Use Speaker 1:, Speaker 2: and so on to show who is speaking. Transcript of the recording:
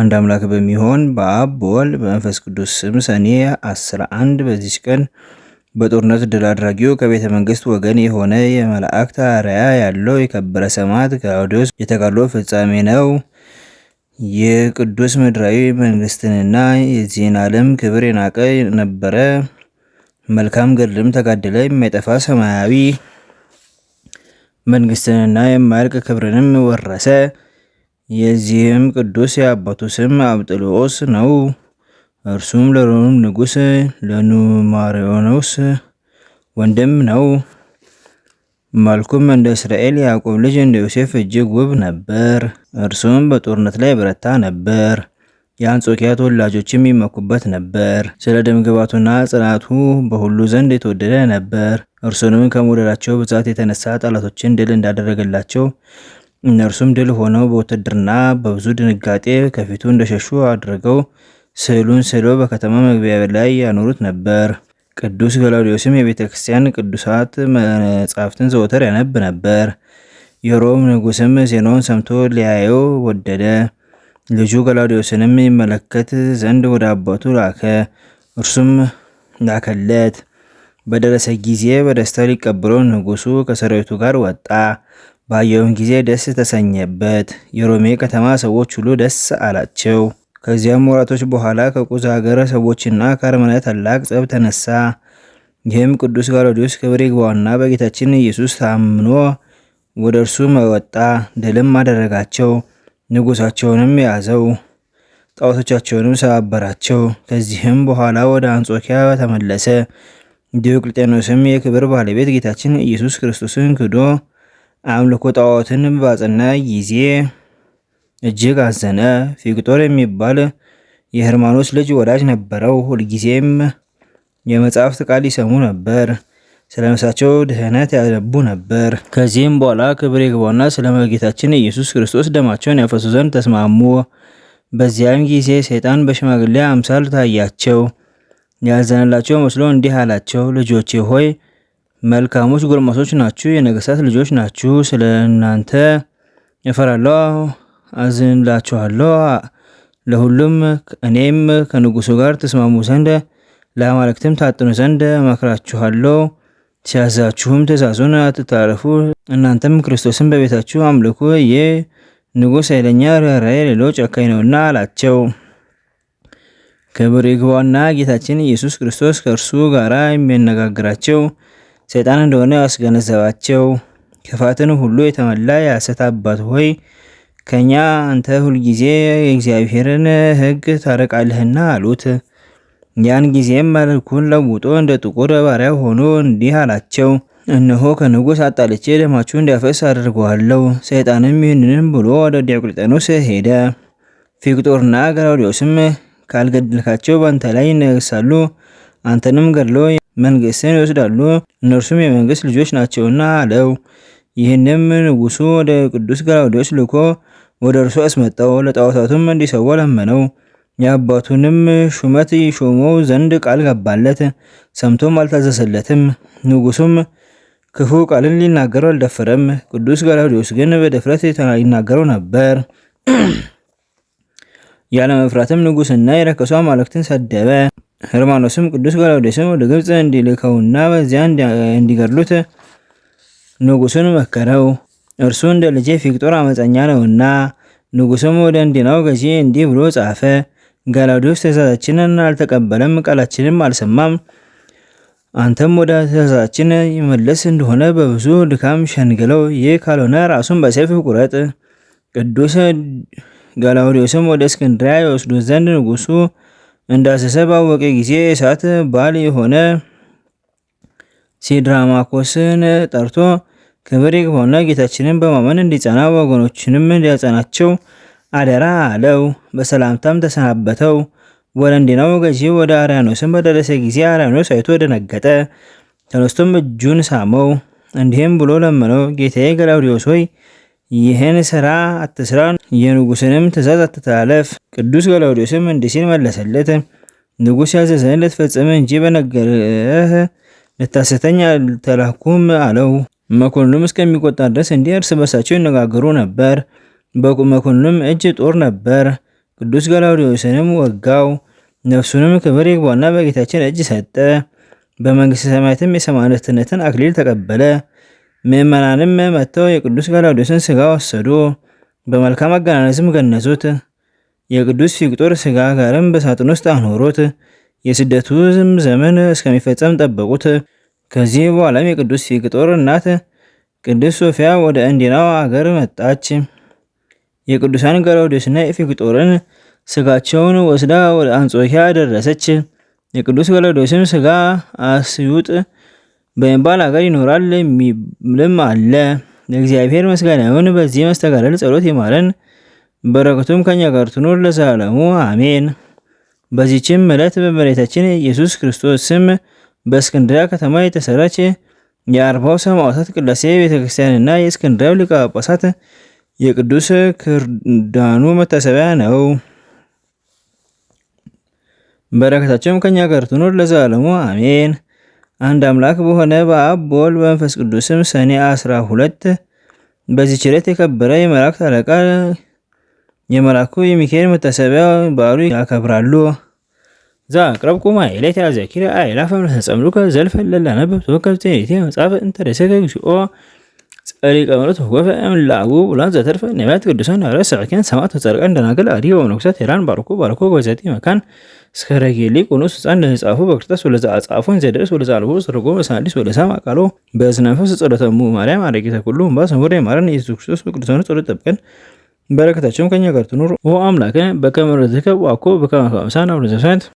Speaker 1: አንድ አምላክ በሚሆን በአብ በወልድ በመንፈስ ቅዱስ ስም ሰኔ 11 በዚች ቀን በጦርነት ድል አድራጊው ከቤተ መንግስት ወገን የሆነ የመላእክት አርአያ ያለው የከበረ ሰማዕት ገላውዴዎስ የተጋድሎ ፍጻሜ ነው። የቅዱስ ቅዱስ ምድራዊ መንግስትንና የዚህን ዓለም ክብር የናቀ ነበረ። መልካም ገድልም ተጋደለ። የማይጠፋ ሰማያዊ መንግስትንና የማያልቅ ክብርንም ወረሰ። የዚህም ቅዱስ የአባቱ ስም አብጥልዮስ ነው። እርሱም ለሮም ንጉሥ ለኑማሪዮኖስ ወንድም ነው። መልኩም እንደ እስራኤል ያዕቆብ ልጅ እንደ ዮሴፍ እጅግ ውብ ነበር። እርሱም በጦርነት ላይ ብረታ ነበር። የአንጾኪያ ተወላጆች የሚመኩበት ነበር። ስለ ደምግባቱና ጽናቱ በሁሉ ዘንድ የተወደደ ነበር። እርሱንም ከመውደዳቸው ብዛት የተነሳ ጠላቶችን ድል እንዳደረገላቸው እነርሱም ድል ሆነው በውትድርና በብዙ ድንጋጤ ከፊቱ እንደሸሹ አድርገው ስዕሉን ስለው በከተማ መግቢያ ላይ ያኖሩት ነበር። ቅዱስ ገላውዲዮስም የቤተ ክርስቲያን ቅዱሳት መጻሕፍትን ዘወትር ያነብ ነበር። የሮም ንጉስም ዜናውን ሰምቶ ሊያየው ወደደ። ልጁ ገላውዲዮስንም ይመለከት ዘንድ ወደ አባቱ ላከ። እርሱም ላከለት። በደረሰ ጊዜ በደስታ ሊቀበለው ንጉሱ ከሰራዊቱ ጋር ወጣ። ባየውም ጊዜ ደስ ተሰኘበት። የሮሜ ከተማ ሰዎች ሁሉ ደስ አላቸው። ከዚያም ወራቶች በኋላ ከቁዝ ሀገረ ሰዎችና ከአርመነ ታላቅ ጸብ ተነሳ። ይህም ቅዱስ ጋሎዲዮስ ክብር ይግባውና በጌታችን ኢየሱስ ታምኖ ወደ እርሱ መወጣ ድልም አደረጋቸው። ንጉሳቸውንም ያዘው፣ ጣዖቶቻቸውንም ሰባበራቸው። ከዚህም በኋላ ወደ አንጾኪያ ተመለሰ። ዲዮቅልጤኖስም የክብር ባለቤት ጌታችን ኢየሱስ ክርስቶስን ክዶ አምልኮ ጣዖትን ባጸና ጊዜ እጅግ አዘነ። ፊቅጦር የሚባል የህርማኖስ ልጅ ወዳጅ ነበረው። ሁልጊዜም የመጽሐፍት ቃል ይሰሙ ነበር። ስለ ነፍሳቸው ድህነት ያነቡ ነበር። ከዚህም በኋላ ክብር ይግባውና ስለ መጌታችን ኢየሱስ ክርስቶስ ደማቸውን ያፈሱ ዘንድ ተስማሙ። በዚያም ጊዜ ሰይጣን በሽማግሌ አምሳል ታያቸው። ያዘነላቸው መስሎ እንዲህ አላቸው፣ ልጆቼ ሆይ መልካሞች ጎልማሶች ናችሁ፣ የነገስታት ልጆች ናችሁ። ስለ እናንተ እፈራለሁ፣ አዝንላችኋለሁ። ለሁሉም እኔም ከንጉሱ ጋር ተስማሙ ዘንድ ለአማልክትም ታጥኑ ዘንድ እመክራችኋለሁ። ሲያዛችሁም ትእዛዙን አትታረፉ። እናንተም ክርስቶስን በቤታችሁ አምልኩ። ይህ ንጉሥ ኃይለኛ፣ ርኅራኄ የሌለው ጨካኝ ነውና አላቸው። ክብር ይግባውና ጌታችን ኢየሱስ ክርስቶስ ከእርሱ ጋር የሚያነጋግራቸው ሰይጣን እንደሆነ ያስገነዘባቸው ክፋትን ሁሉ የተመላ የሐሰት አባት ሆይ ከኛ አንተ ሁልጊዜ የእግዚአብሔርን ሕግ ታረቃለህና አሉት። ያን ጊዜም መልኩን ለውጦ እንደ ጥቁር ባሪያ ሆኖ እንዲህ አላቸው፣ እነሆ ከንጉሥ አጣልቼ ደማችሁ እንዲያፈስ አድርገዋለሁ። ሰይጣንም ይህንንም ብሎ ወደ ዲዮቅልጥያኖስ ሄደ። ፊቅጦርና ገላውዲዮስም ካልገደልካቸው በአንተ ላይ ይነግሳሉ፣ አንተንም ገድሎ መንግስትን ይወስዳሉ፣ እነርሱም የመንግስት ልጆች ናቸውና አለው። ይህንም ንጉሱ ወደ ቅዱስ ገላውዴዎስ ልኮ ወደ እርሱ አስመጣው። ለጣዖታቱም እንዲሰዋ ለመነው። የአባቱንም ሹመት ይሾመው ዘንድ ቃል ገባለት። ሰምቶም አልታዘዘለትም። ንጉሱም ክፉ ቃልን ሊናገረው አልደፈረም። ቅዱስ ገላውዴዎስ ግን በድፍረት ይናገረው ነበር። ያለመፍራትም ንጉስና የረከሱ አማልክትን ሰደበ። ሄርማኖስም ቅዱስ ገላውዴዎስን ወደ ግብፅ እንዲልከውና በዚያ እንዲገድሉት ንጉሱን መከረው። እርሱ እንደ ልጄ ፊቅጦር አመፀኛ ነውና። ንጉሱም ወደ እንዲናው ገዢ እንዲህ ብሎ ጻፈ። ገላውዴዎስ ትእዛዛችንን አልተቀበለም፣ ቃላችንም አልሰማም። አንተም ወደ ትእዛዛችን ይመለስ እንደሆነ በብዙ ድካም ሸንግለው፣ ይህ ካልሆነ ራሱን በሰይፍ ቁረጥ። ቅዱስ ገላውዴዎስም ወደ እስክንድሪያ የወስዱት ዘንድ ንጉሱ እንዳሰሰ ባወቀ ጊዜ እሳት ባል የሆነ ሲድራማኮስን ጠርቶ ክብር ይግባውና ጌታችንን በማመን እንዲጸና ወገኖችንም እንዲያጸናቸው አደራ አለው። በሰላምታም ተሰናበተው። ወደ ገዢ ወደ አርያኖስን በደረሰ ጊዜ አርያኖስ አይቶ ደነገጠ። ተነስቶም እጁን ሳመው፣ እንዲህም ብሎ ለመነው፣ ጌታዬ ገላውዲዮስ ሆይ ይህን ስራ አትስራ፣ የንጉስንም ትእዛዝ አትተላለፍ። ቅዱስ ገላውዴዎስም እንዲህ ሲል መለሰለት፣ ንጉስ ያዘዘን ልትፈጽም እንጂ በነገርህ ልታሰተኝ አልተላኩም አለው። መኮንኑም እስከሚቆጣ ድረስ እንዲህ እርስ በሳቸው ይነጋገሩ ነበር። በመኮንኑም እጅ ጦር ነበር። ቅዱስ ገላውዴዎስንም ወጋው። ነፍሱንም ክብር ይግባውና በጌታችን እጅ ሰጠ። በመንግስት ሰማያትም የሰማዕትነትን አክሊል ተቀበለ። ምዕመናንም መጥተው የቅዱስ ገላውዴዎስን ስጋ ወሰዱ፣ በመልካም አገናነዝም ገነዙት። የቅዱስ ፊቅጦር ስጋ ጋርም በሳጥን ውስጥ አኖሩት። የስደቱም ዘመን እስከሚፈጸም ጠበቁት። ከዚህ በኋላም የቅዱስ ፊቅጦር እናት ቅድስት ሶፊያ ወደ እንዲናው አገር መጣች። የቅዱሳን ገላውዴዎስና የፊቅጦርን ስጋቸውን ወስዳ ወደ አንጾኪያ ደረሰች። የቅዱስ ገላውዴዎስም ስጋ አስዩጥ በመባል ሀገር ይኖራል የሚልም አለ። ለእግዚአብሔር ምስጋና ይሁን። በዚህ መስተጋደል ጸሎት ይማረን፣ በረከቱም ከኛ ጋር ትኑር ለዘላለሙ አሜን። በዚችም ዕለት በመሬታችን ኢየሱስ ክርስቶስ ስም በእስክንድርያ ከተማ የተሰራች የአርባው ሰማዕታት ቅዳሴ ቤተክርስቲያንና የእስክንድርያው ሊቀ ጳጳሳት የቅዱስ ክርዳኑ መታሰቢያ ነው። በረከታቸውም ከኛ ጋር ትኑር ለዘላለሙ አሜን። አንድ አምላክ በሆነ በአብ በወልድ በመንፈስ ቅዱስም ሰኔ 12 ሁለት በዚህች የከበረ የመላእክት አለቃ የመላኩ የሚካኤል መታሰቢያ በዓሉ ያከብራሉ። ዛ ቅረብ ቁማ ኢሌት ያዘኪረ አይላፈም ተጸምዱከ ዘልፈለላ ነብብ ተወከብቴ መጽሐፍ እንተደሰከ ግሽኦ ጸሪቀ መሬት ወፈ እምላጉ ብላን ዘተርፈ ነቢያት ቅዱሳን ሐዋርያት ሰባክያን ሰማዕት ወጻድቃን ደናግል አዲ ወመነኮሳት ሄራን ባርኮ ባርኮ ወዘቲ መካን እስከረጌሊ ቁኑስ ሕፃን ለጻፉ በክርታስ ወለዛ አጻፉን ዘደረስ ወለዛ አልቦ ስርጎ መሳሊስ ወለዛ ማቃሎ በእዝናፈስ ጸሎተሙ ማርያም አረጌተ ሁሉ እምባ ሰሙር ማረን ኢየሱስ ክርስቶስ በቅዱሳኑ ጸሎት ጠብቀን በረከታቸውም ከኛ ጋር ትኑር። ኦ አምላከ በከመ ረድእከ ዋኮ በከመ አምሳነ አቡነ